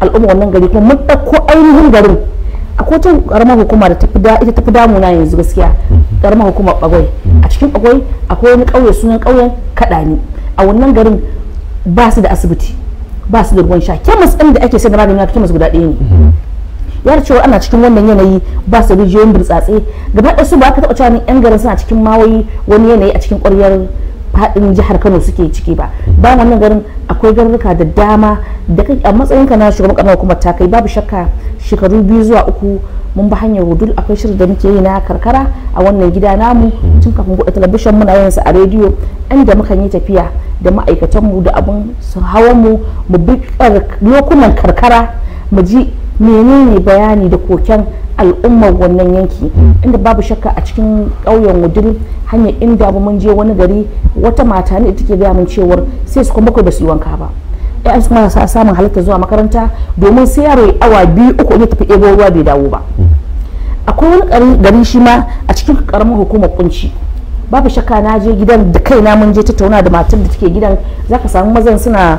al'umma wannan gari kuma mun ɗauko ainihin garin a kotun karamar hukuma da tafi ita tafi damuna yanzu gaskiya karamar hukumar bagwai a cikin bagwai akwai wani ƙauye sunan ƙauyen kaɗani a wannan garin ba su da asibiti ba su da ruwan sha kemis ɗin da ake sayar da magani na kemis guda ɗaya ne yar cewa ana cikin wannan yanayi ba su rijiyoyin burtsatse gaba ɗaya su ba ka taɓa cewa ni yan garin suna cikin mawayi wani yanayi a cikin ƙwaryar faɗin jihar kano suke ciki ba ba wannan garin akwai garnuka da dama da a matsayinka na shugaban kamar hukumar ta kai babu shakka shekaru biyu zuwa uku mun ba hanyar hudul akwai shirin da muke yi na karkara a wannan gida namu tun kafin buɗe talabishin muna yin su a rediyo inda muka yi tafiya da ma'aikatan mu da abun su hawan mu mu bi lokunan karkara mu ji menene bayani da koken al'ummar wannan yanki inda babu shakka a cikin ƙauyen wudul hanyar inda ba mun je wani gari wata mata ne take gaya min cewar sai su kuma bakwai ba su yi wanka ba ɗayan su marasa samun halitta zuwa makaranta domin sai yaro ya awa biyu uku ne tafi ebo ruwa bai dawo ba akwai wani gari shi ma a cikin karamin hukumar kunci babu shakka na je gidan da kaina mun je tattauna da matar da take gidan zaka samu mazan suna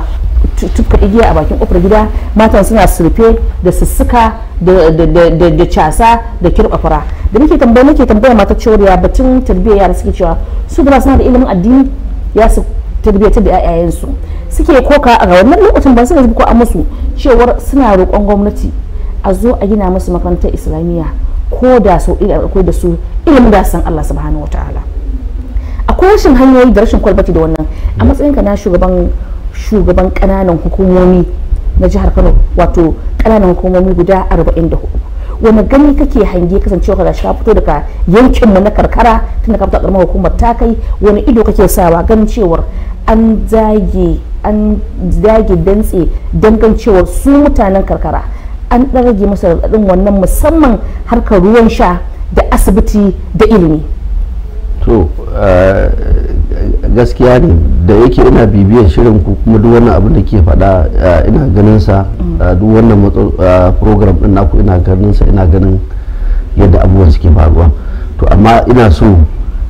tuka igiya a bakin kofar gida matan suna surfe da sussuka da casa da kirba fara da nake tambaya nake tambaya mata cewa batun tarbiyya yara suke cewa su ba suna da ilimin addini ya su tarbiyyatar da 'ya'yayensu suke koka a wannan lokacin ba suka ji ko a musu cewar suna roƙon gwamnati a zo a gina musu makarantar islamiyya ko da su ko da su ilimin da san Allah subhanahu wataala akwai rashin hanyoyi da rashin kwalbati da wannan a matsayinka na shugaban shugaban kananan hukumomi na jihar kano wato kananan hukumomi guda 44 wani gani kake hange kasancewa ka shafi fito daga yankin mu na karkara tun da ka karamar hukumar ta kai wani ido kake sawa ganin cewar an zage an zage dantse dangancewar cewar su mutanen karkara an ɗan masa raɗaɗin wannan musamman harkar ruwan sha da asibiti da ilimi to eh, gaskiya ne da yake ina bibiyar shirin ku kuma duk wannan abin da ke faɗa eh, ina ganin sa mm. eh, duk wannan eh, program din naku ina ganin sa ina ganin yadda abubuwan suke faruwa to amma ina so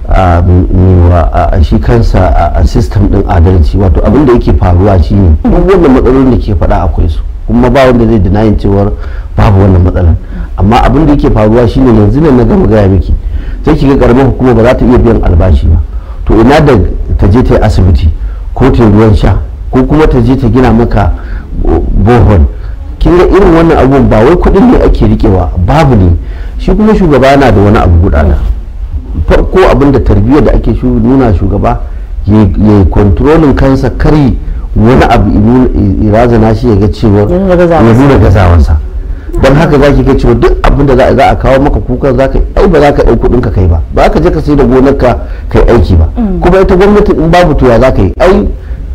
a shi kansa a system din adalci wato abin da yake faruwa shi ne mm. duk wannan matsalolin da ke faɗa akwai su kuma ba wanda zai dinayin cewar babu wannan matsalar amma abin da yake faruwa shine yanzu ne na gama gaya miki sai kiga karamar hukuma ba za ta iya biyan albashi ba to ina da ta je ta yi asibiti ko ta ruwan sha ko kuma ta je ta gina maka bohol kin ga irin wannan abubuwan ba wai kudin ne ake rikewa babu ne shi kuma shugaba yana da wani abu gudana farko abin da tarbiyyar da ake nuna shugaba ya yi kontrolin kansa kari wani abu irazana shi ya ga cewa ya nuna gazawansa don haka za ki kai cewa duk abin da za a kawo maka kuka za ka ai ba za ka ɗau kuɗin ka kai ba ba ka je ka sai da gonar ka kai aiki ba mm. kuma ita gwamnati in babu tuya za ka yi ai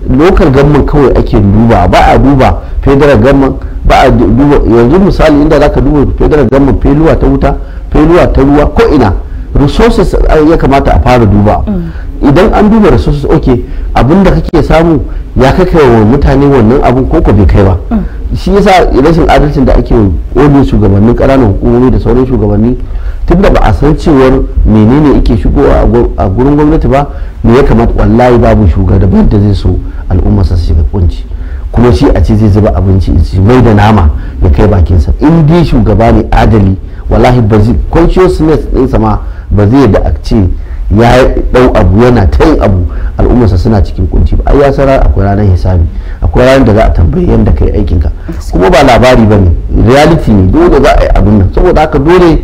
lokal gamman kawai ake duba ba a duba federal gamman ba a duba yanzu misali inda za ka duba federal gamman feluwa ta wuta feluwa ta ruwa ko ina resources ya kamata a fara duba mm. idan an duba resources ok abin da kake samu ya kai wa mutane wannan abin ko ko bai kai ba mm. shi yasa rashin adalcin da ake odin shugabannin ƙananan hukumomi da sauran shugabanni tun da ba a san cewar menene ake shigowa a gurin gwamnati ba me ya kamata wallahi babu shugaban da zai so al'umma su shiga kunci kuma shi a ce zai zuba abinci shi mai da nama ya kai bakinsa in dai shugaba ne adali wallahi ba zai consciousness ɗinsa ma ba zai da a ce ya ɗau abu yana ta yin abu al'ummarsa suna cikin kunci ba ai ya sara akwai ranar hisabi akwai ranar da za a tambayi yadda kai aikin ka kuma ba labari bane reality ne dole za a yi abin nan saboda haka dole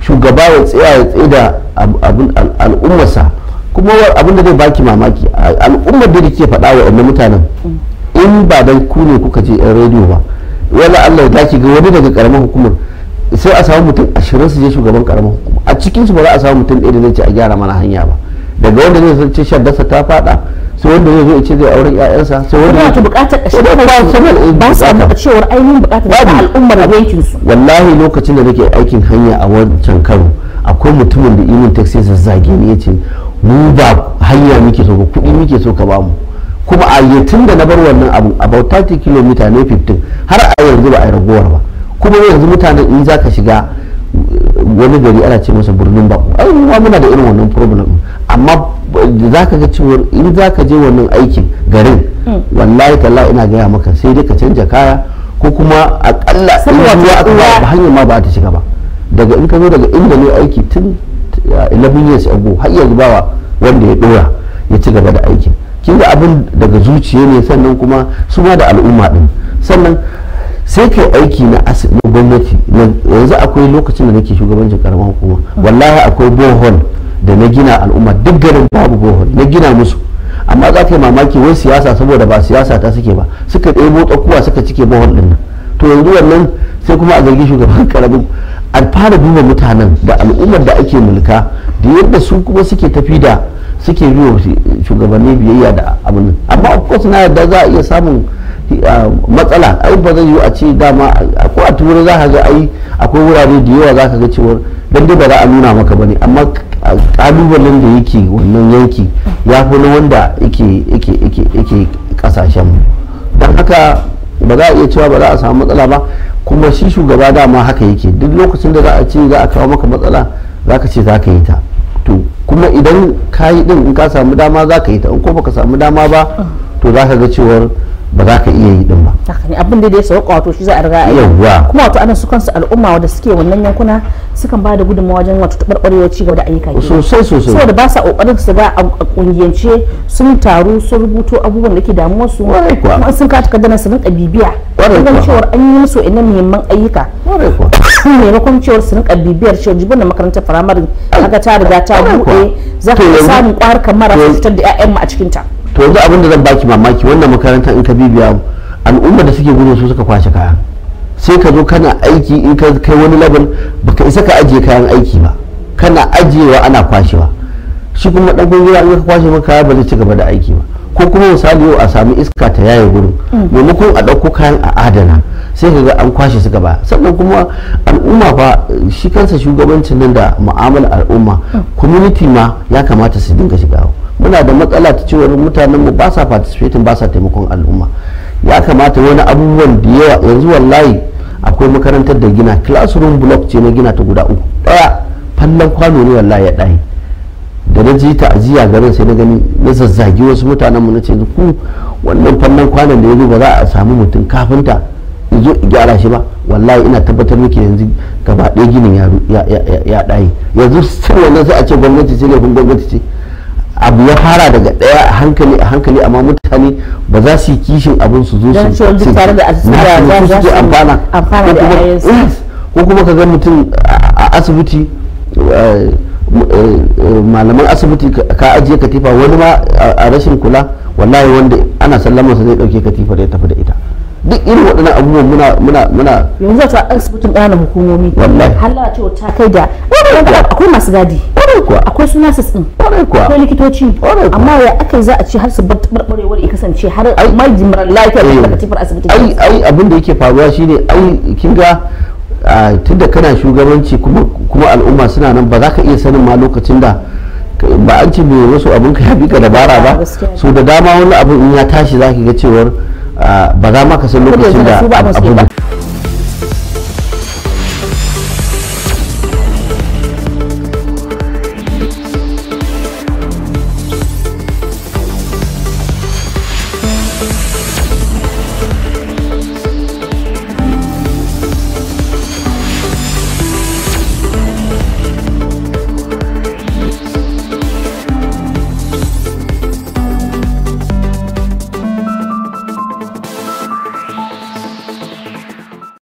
shugaba ya tsaya ya tsaye da abin al'ummarsa kuma abin da zai baki mamaki al'ummar da ke faɗa wa wannan mutanen in ba dan ku ne kuka je yan rediyo ba wala Allah ya ga wani daga karamar hukumar sai a samu mutum ashirin su je shugaban karamar hukuma a cikin su ba za a samu mutum ɗaya da zai ce a gyara mana hanya ba daga wanda zai shan shaddarsa ta fada sai wanda zai zo ce zai auren ƴaƴansa sai wanda zai bukatar kashe ba su su taɓa cewar ainihin bukatar ta al'ummar yankin su wallahi lokacin da nake aikin hanya a wancan karo akwai mutumin da imin taxi sai zage ni yace mu ba hanya muke so ba kuɗi muke so ka bamu kuma a yatin da na bar wannan abu about 30 kilomita ne 15 har a yanzu ba a yi ragowar ba kuma yanzu mutanen in za ka shiga wani gari ana ce masa birnin bako ai muna da irin wannan problem amma za ka ga cewa in za ka je wannan aikin garin hmm. wallahi talla ina gaya maka sai dai ka canja kaya ko kuma akalla ruwa aka ba hanyar ma ba ta shiga ba daga in ka zo daga inda ne aiki tun 11 years ago har yanzu bawa wanda ya dora ya ci gaba da aiki kin ga abin daga zuciya ne sannan kuma su ma da al'umma din sannan sai kai aiki na gwamnati yanzu akwai lokacin da nake shugabancin karamar hukuma hmm. wallahi akwai borehole da na gina al'umma duk garin babu bohol na gina musu amma za ka yi mamaki wai siyasa saboda ba siyasa ta suke ba suka ɗebo tsakuwa suka cike bohol ɗin nan to yanzu wannan sai kuma a zargi shugaban karamin a fara duba mutanen da al'ummar da ake mulka da yadda su kuma suke tafi da suke biyo shugabanni biyayya da abin amma of course na yadda za a iya samun matsala a ba zai yi a ce dama ko a turai za ka ga ai akwai wurare da yawa za ka ga cewar don dai ba za a nuna maka bane amma kalubalen da yake wannan yanki ya fi na wanda ike ike ike yake kasashen mu don haka ba za a iya cewa ba za a samu matsala ba kuma shi shugaba dama haka yake duk lokacin da za a ce za a kawo maka matsala za ka ce za ka yi ta to kuma idan ka yi din in ka samu dama za ka yi ta in ko baka samu dama ba to za ka ga cewar ba za ka iya yi din ba abin da ya sauka wato shi za a riga a yi kuma wato ana su kansu al'umma wanda suke wannan yankuna sukan ba da gudunmawa wajen wato tabarbarewa ci gaba da ayyuka sosai sosai saboda ba sa kokarin su ga a kungiyance sun taru sun rubuto abubuwan da ke damuwar su kuma sun kawo takardar su rinka bibiya wajen cewar an yi musu ina muhimman ayyuka maimakon cewar su rinka bibiyar cewar jibin da makarantar firamare kaga ta riga ta buɗe za ka samun ƙwarkar mara fitar da 'ya'yan a cikin ta to yanzu abin da zan baki mamaki wannan makaranta in ka bibiya al'ummar da suke gudun su suka kwace kaya sai ka zo kana aiki in ka kai wani ba baka isa ka ajiye kayan aiki ba kana ajiyewa ana kwashewa shi kuma dan gungura in ka kwashe maka kaya ba zai ci gaba da aiki ba ko kuma misali yau a samu iska ta yaye gurin mm. maimakon a ɗauko kayan a adana sai ka ga an kwashe su gaba sannan kuma al'umma fa shi kansa shugabancin nan da mu'amala al'umma community ma ya kamata su dinga shiga muna da matsala ta cewar mutanen mu ba sa participating ba sa taimakon al'umma ya kamata wani abubuwan da yawa yanzu wallahi akwai makarantar da gina classroom block ce na gina ta guda uku daya fallon kwano ne wallahi ya dai da na ta ajiya garin sai na gani na zazzagi wasu mutanenmu na ce ku wannan fannin kwanan da ya zo ba za a samu mutum kafinta zo gyara shi ba wallahi ina tabbatar miki yanzu gaba ɗaya ginin ya ɗaye yanzu sai wanda sai a ce gwamnati ce laifin gwamnati ce abu ya fara daga ɗaya a hankali a hankali amma mutane ba za su yi kishin abin su zo su amfana ko kuma ka ga mutum a asibiti eh, eh, malaman asibiti ka ajiye katifa wani ma a rashin kula wallahi wanda ana sallama sa zai dauke katifa da ya tafi da ita duk irin waɗannan abubuwan muna muna muna yanzu ta asibitin ɗanan hukumomi wallahi halala ce ta kai da akwai masu gadi akwai suna su tsin akwai likitoci amma ya aka za a ce har su barbarewar ya kasance har majimarar lafiyar da eh. katifar asibiti ai ai abin da yake faruwa shine ai kin ga tunda kana shugabanci kuma kuma al'umma suna nan ba za ka iya sanin ma lokacin da ba an ce mai wasu abin ka ya bi ka dabara ba so da dama wani abin in ya tashi za ki ga cewar Ah, ba za ma ka san lokacin da abin